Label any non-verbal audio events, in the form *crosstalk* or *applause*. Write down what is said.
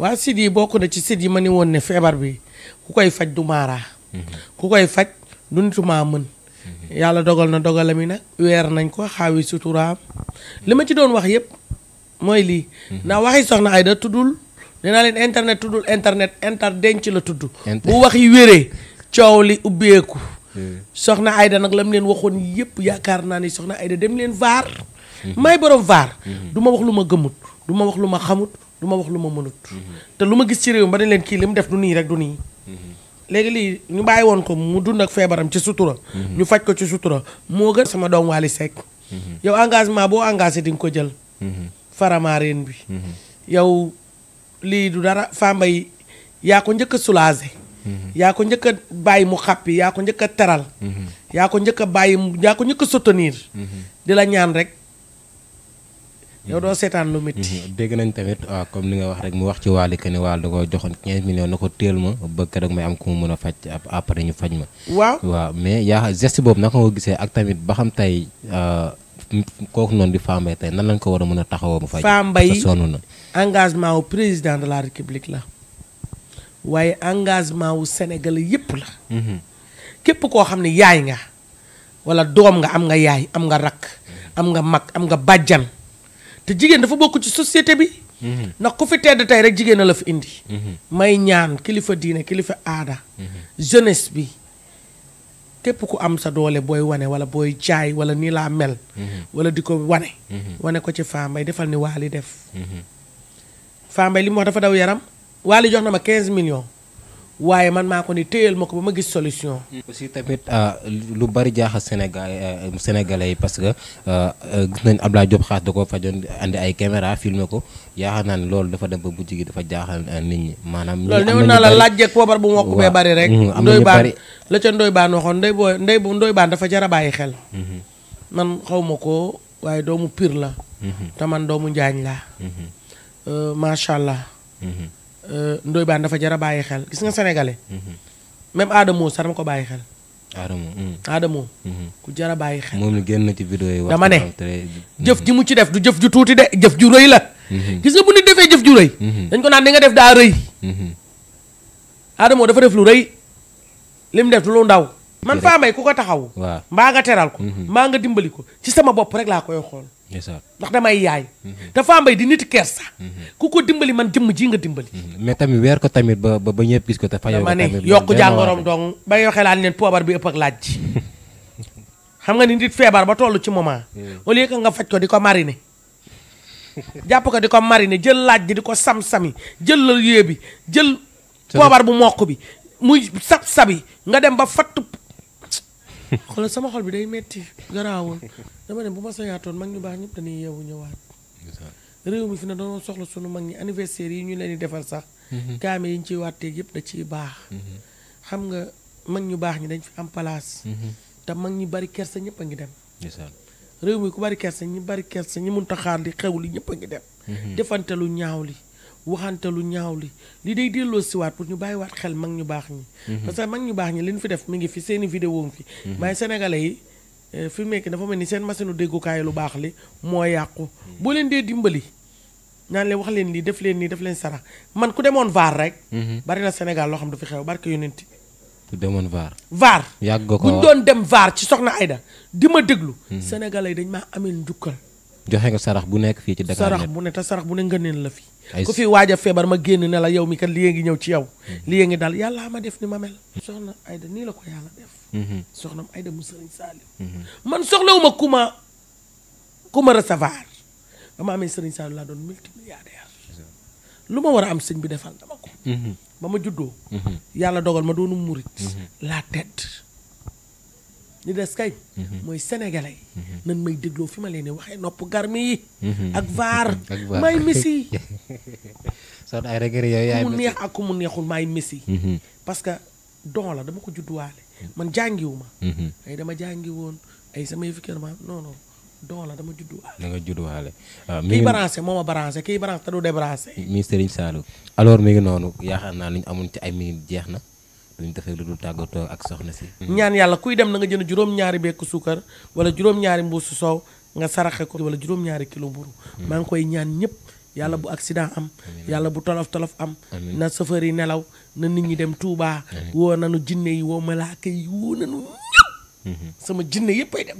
waa sit yi bokk na ci sit yi ma ni woon ne feebar bi ku koy faj du maaraa ku koy faj du nitumaa mën yàlla dogal na dogalami nag weer nañ ko xaawi suturaam li ma ci doon wax yëpp mooy lii ndax waxi soxna Aida tuddul nee naa leen internet tuddul internet inter denc la tudd bu wax yi wéree coow li ubbeeku soxna ayda nag la mu leen waxoon yëpp yaakaar naa ni soxna Aida dem leen vaar mhm. may borom vaar mhm. du ma wax lu ma gëmut du wax lu ma xamut du ma wax lu ma mënut. te lu ma gis ci réew mi ba ne leen kii li mu def du nii rek du nii. léegi lii ñu bàyyi woon ko mu dund ak feebaram ci sutura. ñu faj ko ci sutura moo gën sama doom Wally Seck. yow engagement boo engagé di nga ko jël. faramareen bi. yow lii du dara Famba yi yaa ko njëkk a soulagé. yaa ko njëkk bàyyi mu xàppi yaa ko njëkk teral. yaa ko njëkk bàyyi yaa ko njëkk a di la ñaan rek. yow doo seetaan lu métti. Mhm. dégg nañ tamit waaw ah, comme ni nga wax rek mu wax ci Wally que ne Wally da ko joxoon 15 millions na ko téel ma ba keroog may am ku mu mën a faj après ñu faj ma. waaw waaw mais yaa geste boobu naka nga ko gisee ak tamit ba xam tey ah, kooku noonu di Fa tey nan lañ ko war a mën a taxawoo. mu faj Fa Mbaye sonn na engagement wu président de la république la waaye engagement wu Sénégal yépp la. Mhm. képp koo xam ne yaay nga wala doom nga am nga yaay am nga rakk am nga mag am nga bàjjan. te jigéen dafa bokk ci société bi. Mhm. ndax ku fi tedd tey rek jigéen a la fi indi. Mhm. may ñaan kilifa diine kilifa aada. Mhm. jeunesse bi képp ku am sa doole booy wane wala booy jaay wala nii laa mel. wala di ko wane. wane ko ci Fambaye defal ni Waly def. Fambaye li mu wax dafa daw yaram Waly jox na ma 15 millions. waaye man maa ko ni téyal ma ko ba ma gis solution. Mm. aussi tamit euh, lu bari jaaxal Sénégal euh, sénégalais yi parce que euh, gis nañ Abdoulaye Diop Khass da ko fajoon andi ay caméra filmer ko yaakaar naa ne loolu dafa dem ba bu jigi dafa jaaxal nit ñi maanaam. loolu néew naa la laaj jeeg poobar bu mu wokk bee bari rek. Mm, am na ñu bari la ca Ndoye Bane waxoon Ndoye booy Ndoye bu Ndoye Bane dafa jar a bàyyi xel. Mm-hmm. man xaw ma ko waaye doomu Pire la. Mm-hmm. te man doomu Njaañ laa. Mm-hmm. macha allah. Euh, Ndoye Bane dafa jar a bàyyi xel gis nga sénégalais. Mhm. même Adamo sax ko bàyyi xel. Adamo. Mhm. Mhm. ku jar a bàyyi xel. génn na ci vidéo yi wax dama ne jëf ji mu ci def du jëf ju tuuti de jëf ju rëy la. gis nga bu nit defee jëf ju rëy. dañ ko naan di def daa rëy. Adamo dafa def lu rëy. lim def du lu ndaw. man faa may ku ko taxawu. waaw mbaa nga teral ko. Mhm. mbaa nga dimbali ko ci sama bopp rek laa koy xool. ndax damay yaay. Mhm. te faa mbay di nit kersa. Mhm. ku ko dimbali man jëmm ji nga dimbali. mais tamit weer ko tamit ba ba ñëpp gis ko te fayoo ko tamit yokk jàngoroom dong bay xelaan ak laaj *laughs* xam nga ni nit feebar ba toll ci moment. au lieu que ko di ko mariner. jàpp ko di ko mariner jël laaj ji di ko sam-sami jël la yee bi jël. poobar bu mokk bi muy sab-sabi nga dem ba fatt xoolal sama xol bi day metti garaawul dama ne bu ma soyaatoon mag ñu baax ñëpp dañuy yeewu ñëwaat réew mi fi na doon soxla sunu mag ñi anniversaire yi ñu leen di defal sax gaame mhm. yi ñu ciy wàtteeg yëpp da ciy baax mhm. xam nga mag ñu baax ñi dañ fi am place mhm. te mag ñi bari kersa ñëpp a ngi dem réew mi ku bari kersa ñi bari kersa ñi munta xaar di xew li ñëpp a ngi dem defante ñaaw li waxante lu ñaaw li li délloo si waat pour ñu bàyyi waat xel mag ñu baax ñi mhm. parce que mag ñu baax ñi leen fi def mi ngi fi seeni vidéo ngi fi mhm. waaye sénégalais yi eh, fi mu dafa mel ni seen machine déggukaay lu baax li moo yàqu mhm. boo leen dee dimbali naan leen wax leen lii def leen nii def leen sarax man ku demoon vaar rek bari na sénégal loo xam du fi xew barke yonent ku demoon vaar vaar yàgg ko buñ doon dem vaar ci soxna Aida di ma déglu sénégalais yi dañ maa ameel njukkal joxe ko sarax bu nekk fii ci Dakar sarax bu ne te sarax bu ne ngëneen la fi ku fi waaj a feebar ma génn ne la yow mi kat lii ngi ñëw ci yow hmm. lii ngi dal yàlla ma def ni ma mel hmm. soxna Aida nii la ko yàlla def hmm. soxna Aida mu sëriñ Salim man soxlawuma ku ma ku ma recevoir ba ma amee sëriñ Salim laa doon multimilliardaire lu ma war a am sëñ bi defal dama ko ba ma juddoo yàlla dogal ma doonu murit la tête ñu des kay. Mhm. mooy sénégalais yi. Mhm. nan may dégloo fi ma leen di waxee nopp garmi yi. Mhm. ak vaar. *laughs* ak vaar maay Messi. *laughs* son ay regret yooyu yaay mu neex ak ku mu neexul maay Messi. parce que don la dama ko judduwaale. man jàngiwu ma. ay dama jàngi woon ay samay fikir ma noonu don la dama judduwaale. da nga judduwaale. waaw ah, mi ngi kii moo ma branché kii branché te du débranché. mi Serigne Saliou alors mi ngi noonu yaakaar naa lu ñu amoon ci ay minutes jeex na. lu defee lu dul tàggatoo ak soxna si. Mm-hmm. ñaan yàlla kuy dem na nga jënd juróom-ñaari bekk suukar wala juróom-ñaari mbuusu soow nga saraxe ko wala juróom-ñaari kilo mburu mm-hmm. maa ngi koy ñaan ñëpp yàlla bu mm-hmm. accident am yàlla bu tolof tolof am na chauffeur yi nelaw na nit ñi dem Touba woo nanu jinne yi woo malaaka yi woo nanu ñëpp sama jinne yëpp dem